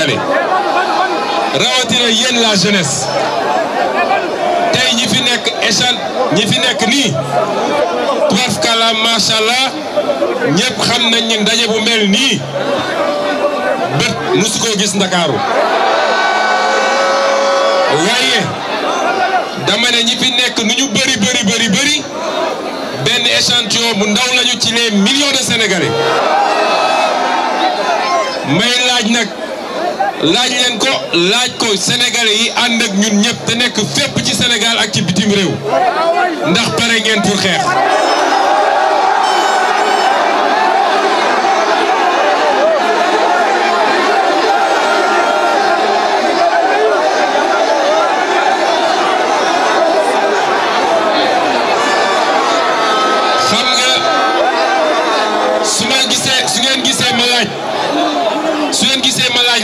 sénégalais rawatina yéen la jeunesse tey ñi fi nekk nii tubarfakala macha allah ñëpp xam nañ ndaje bu mel nii bët musu ko gis ndakaaru waaye dama ne ñi fi nekk nu ñu bëri bëri bëri bëri benn échantillon bu ndaw lañu ci les millions de sénégalais may laaj nag. laaj leen ko laaj ko sénégalais yi ànd ak ñun ñëpp te nekk fépp ci senegal ak ci bitim réew ndax pare ngeen pour xeex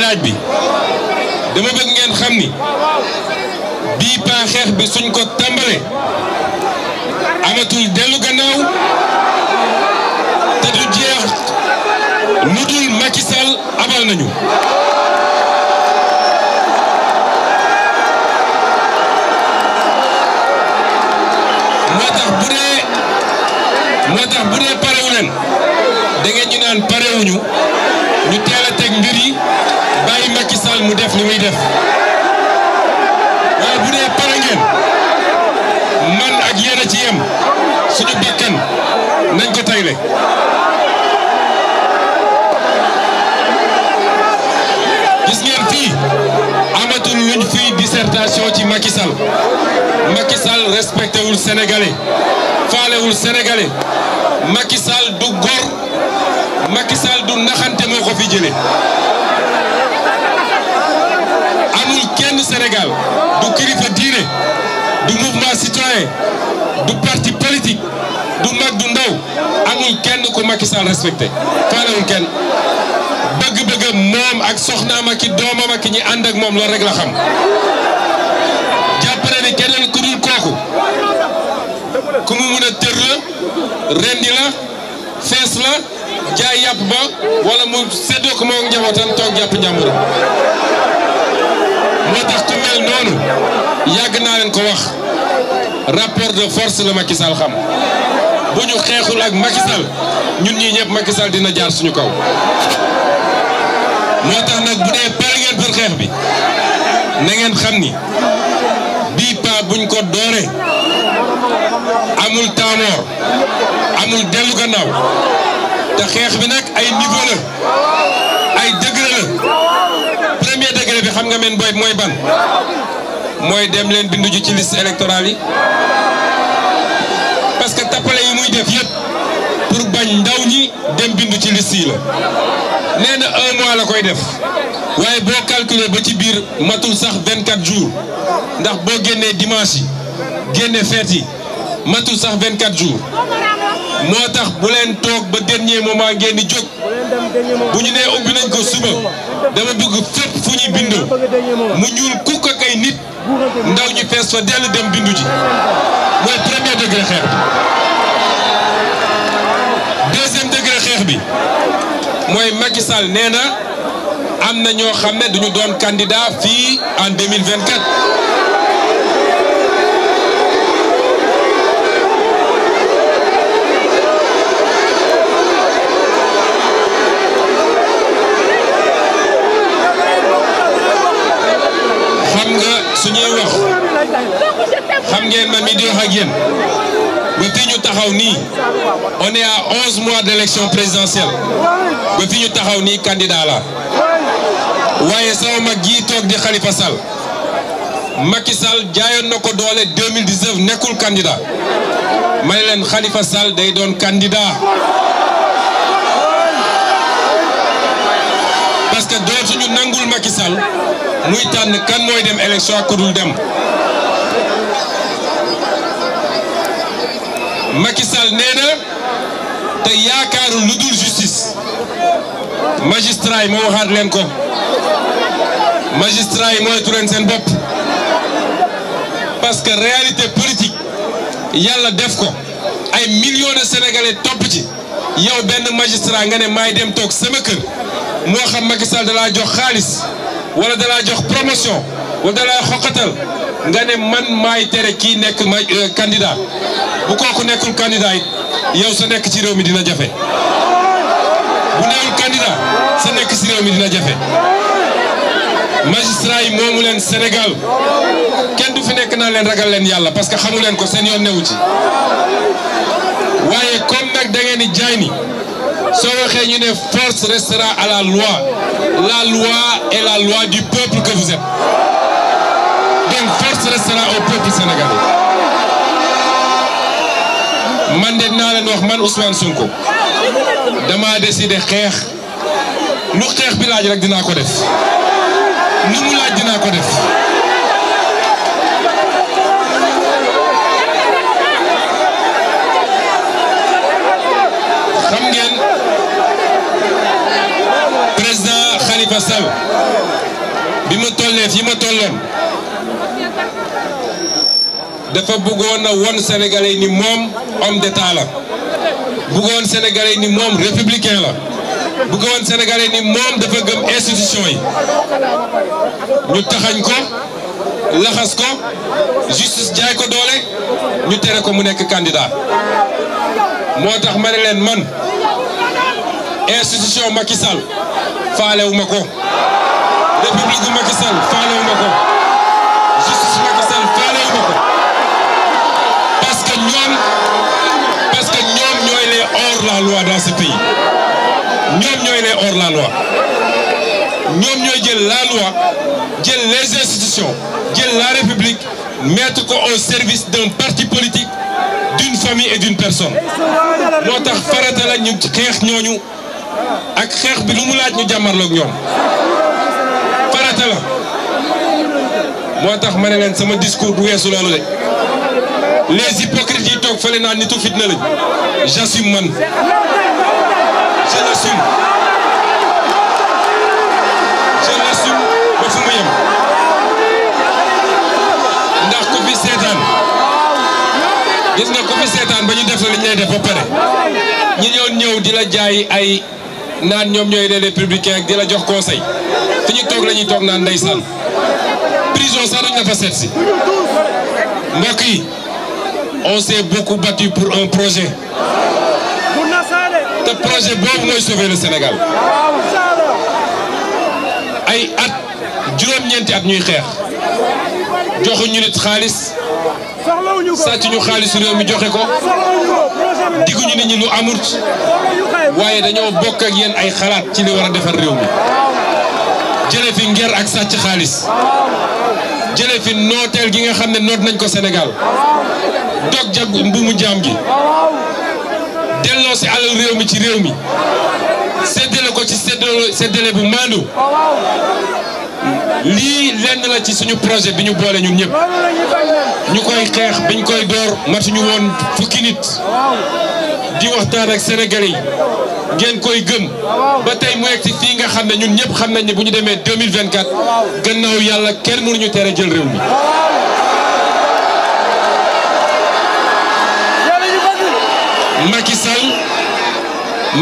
laaj laaj bi dama bëgg ngeen xam ni bii paa xeex bi suñ ko tàmbale amatul dellu gannaaw te du jeex lu dul Macky Sall abal nañu. moo tax bu dee moo tax bu dee parewu leen da ñu naan parewuñu ñu teel a teg mbir yi. bàyyi mu def li muy def waaye bu dee pare ngeen man ak yéen ci yem suñu bakkan nañ ko tayle gis ngeen fii amatul luñ fiy dissertation ci Macky Sall Macky Sall faalewul sénégalais Macky du góor Macky du naxante moo ko fi jëlee. benn Sénégal du diine du mouvement citoyen du parti politique du mag du ndaw amul kenn ku Macky Sall respecté faalewul kenn bëgg-bëggam moom ak soxnaam ak i doomam ak ñi ànd ak moom loolu rek la xam jàpp na ni keneen ku dul kooku ku mun a tër la rendi la fees la jaay yàpp ba wala mu séddoo ko moom njabootam toog jàpp njàmbur mel noonu yàgg naa leen ko wax rapport de force la Macky Sall xam bu ñu xeexul ak Macky ñun ñii ñëpp Macky dina jaar suñu kaw. moo tax nag bu dee pare ngeen pour xeex bi nangeen ngeen xam ni bii paa buñ ko dooree amul taamoor amul dellu gannaaw te xeex bi nag ay niveau ay degré xam nga men booy mooy ban mooy dem leen bindu ci liste électorale yi parce que tappale yi muy def yëpp pour bañ ndaw ñi dem bindu ci liste yi la nee na un mois la koy def waaye boo calculer ba ci biir matul sax 24 jours ndax boo génnee dimanche yi génne feet yi matul sax 24 jours moo tax bu leen toog ba dernier moment ngeen di jóg. bu ñu nee ubbi nañ ko suba dama bëgg fépp fu ñuy bindoo mu ñuul kukk ak nit ndaw ñi fees fa dellu dem bindu ji mooy premier degré xeex bi deuxième degré xeex bi mooy Macky Sall nee na am na ñoo xam ne duñu doon candidat fii en 2024 xam ngeen man mi di wax ak yéen taxaw nii on est mois d'élection présidentielle ba fi ñu taxaw nii candidat la waaye sama mag jii di Khalifa Sall Macky Sall na ko doole 2019 nekkul candidat ma ne leen Khalifa Sall day doon candidat parce que dootuñu nangul Macky Sall muy tànn kan mooy dem élection ak ku dul dem. Macky Sall nee na te yaakaaru lu dul justice magistrat yi moo waxaat leen ko magistrat yi mooy tureen seen bopp parce que réalité politique yàlla def ko ay millions de sénégalais topp ci yow benn magistrat nga ne maay dem toog sama kër moo xam Macky Sall dalaa jox xaalis wala dalaa jox promotion wala dalaa xoqatal nga ne man maay tere kii nekk ma euh, candidat bu kooku nekkul candidat yi yow sa nekk ci réew mi dina jafe bu nekkul candidat sa nekk ci réew mi dina jafe magistrat yi moomu leen Sénégal kenn du fi nekk naa leen ragal leen yàlla parce que xamu leen ko seen yoon newu ci waaye comme nag da ngeen jaay ni soo waxee ñu ne force restera à la loi la loi est la loi du peuple que vous seen force man de naa leen man Ousmane Sonko dama décidé xeex lu xeex bi laaj rek dinaa ko def dinaa ko def xam ngeen président Khalifa Sall bi ma tollee fi ma tolloon dafa bëggoon a won sénégalais ni moom homme d'état la bëggoon sénégalais ni moom républicain la bëggoon sénégalais ni moom dafa gëm institution yi ñu taxañ ko laxas ko justice jaay ko doole ñu tere ko mu nekk candidat moo tax ma ne leen man institution Macky Sall faalewu ma ko république bu Macky Sall ko hors la loi ñoom ñooy jël la loi jël les institutions jël la république mettre ko au service d'un parti politique d'une famille et d'une personne moo tax farata la ñu xeex ñooñu ak xeex bi lu mu laaj ñu jàmmarloog ñoom farata la moo tax ma ne leen sama discours bu weesu loolu de les hypocrites yi toog fële naa nitu fitna lañ j'assume man je l'assume fa yem ndax ku seetaan gis nga ku fi seetaan ba ñu def lañuy def ba pare ñi ñoon ñëw di la jaay ay naan ñoom ñooy les républicains ak di la jox conseil fi ñu toog la ñuy toog naan ndeysaan prison sax dañ la fa yi on s'est beaucoup battu pour un projet te projet boobu mooy sauver le Sénégal ay at juróom-ñeenti at ñuy xeex joxuñu nit xaalis sàcc ñu réew mi joxe ko digguñu nit ñi lu amut waaye dañoo bokk ak ay xalaat ci li war defar réew mi jële fi nger ak sàcc xaalis jële fi nooteel gi nga xam ne noot nañ ko Sénégal dog jag mbuumu jaam gi delloo si alal réew mi ci réew mi séddale ko ci séddale bu maandu lii lend la ci suñu projet bi ñu boole ñun ñëpp ñu koy xeex biñ koy door matuñu woon fukki nit di waxtaan ak Sénégalais yi koy gën ba tey mu egg si fii nga xam ne ñun ñëpp xam nañ ne bu ñu demee 2024 gannaaw yàlla kenn mënuñu tere jël réew mi.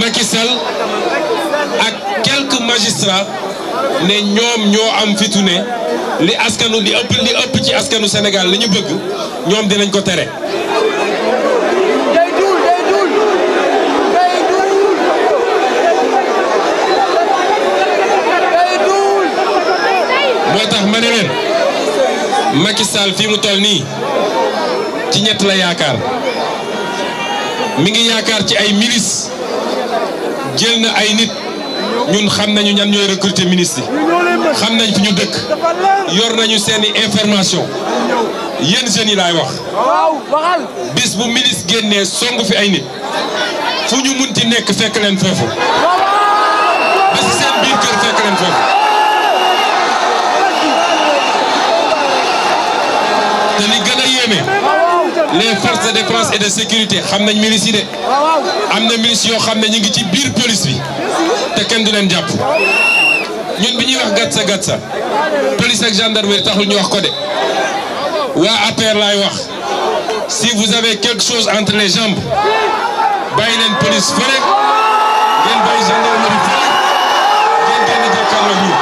Macky Sall ak quelques magistrats. ne ñoom ñoo am fitu ne li askanu li ëpp li ëpp ci askanu senegal li ñu bëgg ñoom dinañ ko tere moo tax ma ne leen Macky Sall fii mu toll nii ci ñett la yaakaar mu ngi yaakaar ci ay milice jël na ay nit ñun xam nañu ñan ñooy recruter ministre yi xam nañ fi ñu dëkk yor nañu seeni information yéen jeunes yi laay wax bis bu ministre génnee songu fi ay nit fu ñu munti nekk fekk leen foofu ba seen biir kër fekk leen foofu te li gën a yéeme les forces de défense et de sécurité xam nañ milice yi de am na milice yoo xam ne ñu ngi ci biir police bi te du leen jàpp ñun bi ñuy wax gatsa gatsa police ak gendarmerie taxul ñu wax ko de waa APR laay wax si vous avez quelque chose entre les jambes bàyyi leen police fële ngeen bàyyi gendarmerie fële ngeen génn jàkkaarloo ñu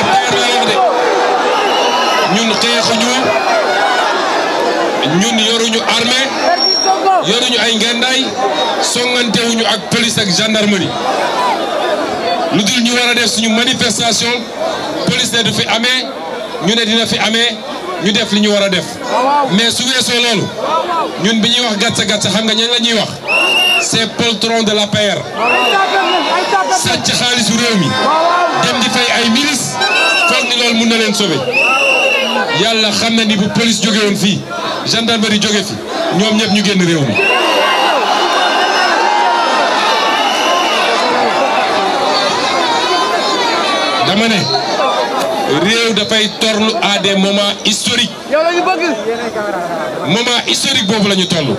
APR laay wax de ñun yoruñu ay ngendaay songantewuñu ak police ak gendarmerie lu dul ñu war def suñu manifestation police ne du fi amee ñu ne dina fi amee ñu def li ñu war a def mais su weesoo loolu ñun bi ñuy wax gàtsa gàtsa xam nga ñan la ñuy wax c'est poltron de la PR sàcc xaalisu réew mi dem di fay ay milice foog ni loolu mun na leen sauver yàlla xam na ni bu police jóge woon fii gendarmerie jóge fi ñoom ñëpp ñu génn réew mi dama ne réew dafay torlu à des moments historiques moment historique boobu lañu ñu toll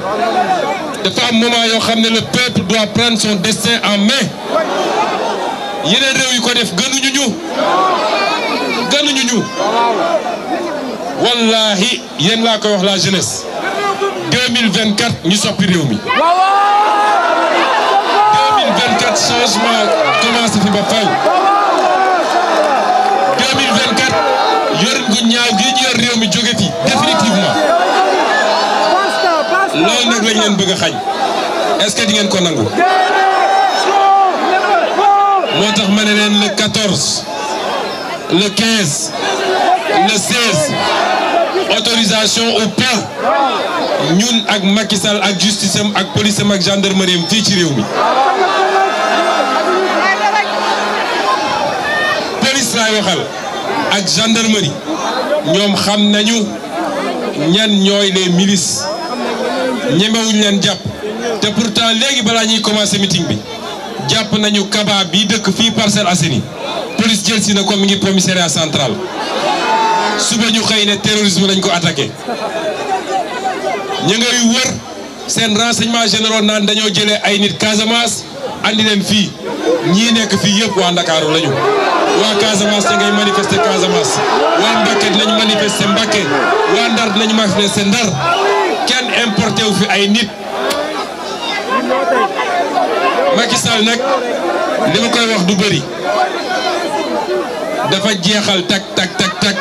dafa am moment yoo xam ne le peuple doit prendre son destin en main yeneen réew yu ko def gënuñu ñu gënuñu ñu wallaahi yéen laa koy wax la jeunesse 2024 ñu soppi réew mi 2024 changement commencé fi ba fay 2024 yorin gu ñaaw gi ñu yor réew mi jóge fi définitivement loolu nag lañ leen bëgg a est-ce di ngeen ko nangu moo tax ma ne leen le 14 le 15 le 16 autorisation au plan ñun ak Macky ak justice ak police am ak gendarmerie am ci réew mi police laay waxal ak gendarmerie ñoom xam nañu ñan ñooy les milices ñemewuñ leen jàpp te pourtant léegi balaa ñuy commencé meeting bi jàpp nañu kaba bi dëkk fii Parcelles Assainies police jël si na ko mi ngi commissariat central suba ñu xëy ne terrorisme lañ ko attaqué ñu ngay wër seen renseignement généraux naan dañoo jëlee ay nit Casamance andi leen fii ñii nekk fii yëpp waa Ndakaaru lañu waa Casamance da ngay manifester Casamance waa Mbacké dinañ manifester Mbacké waa Ndar dinañ manifester Ndar kenn importé wu fi ay nit Macky Sall nag li ma koy wax du bëri dafa jeexal tak tak tak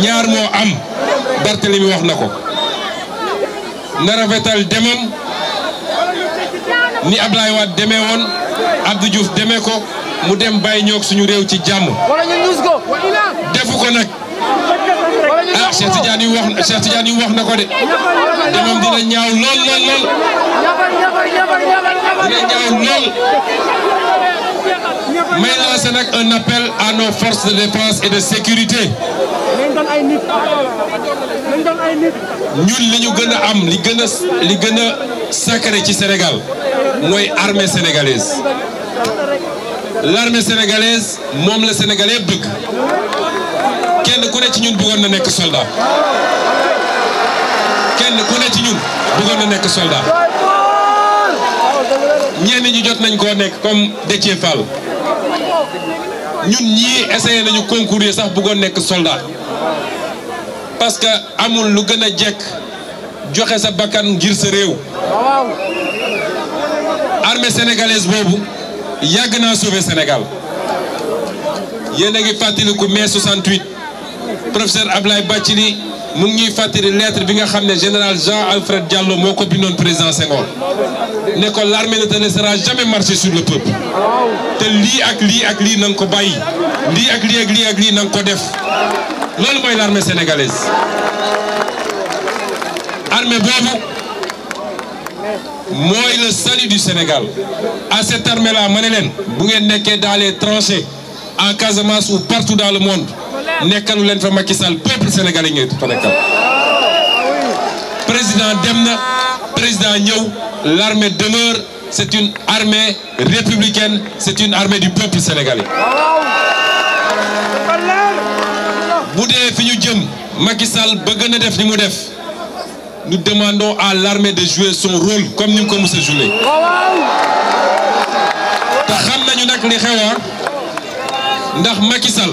ñaar moo am Barthélemy wax na ko na rafetal demam ni lay Wade deme woon Abdou Diouf demee ko mu dem bàyyi ñoog suñu réew ci jàmm defu ko nag ah Cheikh Tidiane yu wax Cheikh Tidiane yu wax na ko de demam dina ñaaw lool lool lool dina ñaaw lool may lancer nag un appel à nos forces de défense et de sécurité ñun li ñu gën a am li gën a li gën a sacré ci Sénégal mooy armée sénégalaise l'armée sénégalaise moom la sénégalais bëgg kenn ku ne ci ñun bëggoon na nekk soldat kenn ku nekk soldat ñenn ñi jot nañ koo nekk comme Déthié Fall ñun ñii essayé nañu concourir sax bëggoon nekk soldat parce que amul lu gën a jekk joxe sa bakkan ngir sa réew armée sénégalaise boobu yàgg naa sauver Sénégal yéen a ngi fàttaliku mai 68 professeur Ablaye Bathily mu ngi ñuy fàttali lettre bi nga xam ne général Jean Alfred Diallo moo ko bindoon président Senghor ne ko l'armée ne te laissera jamais marcher sur le peuple te lii ak lii ak ko bàyyi lii ak lii ak lii ak lii na nga ko def loolu mooy l'armée sénégalaise armée boobu mooy le salut du Sénégal à cette armée ma ne leen bu ngeen nekkee dans les tranchées en Casamance ou partout dans le monde nekkalu leen fa Macky Sall peuple sénégalais ñooy fa président dem na président ñëw l'armée demeure c'est une armée républicaine c'est une armée du peuple sénégalais bu dee fi ñu jëm Macky Sall bëgg na def ni mu def nous demandons à l'armée de jouer son rôle comme ni mu ko mos a joué te xam nañu nag li xewoon ah. ndax Macky Sall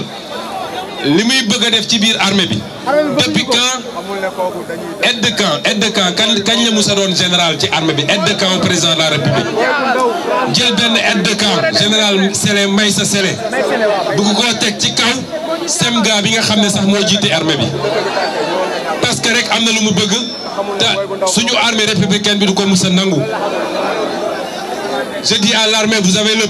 li muy bëgg a def ci biir armée bi depuis quand aide de camp aide de camp kañ la musa doon général ci armée bi aide de camp président de la république jël benn aide de camp général Sélé Maysa Sélé bugg koo teg ci kaw semga bi nga xam ne sax moo jiite armée bi parce que rek am na lu mu bëgg te suñu armée républicaine bi du ko musa nangu je dis à vous avez le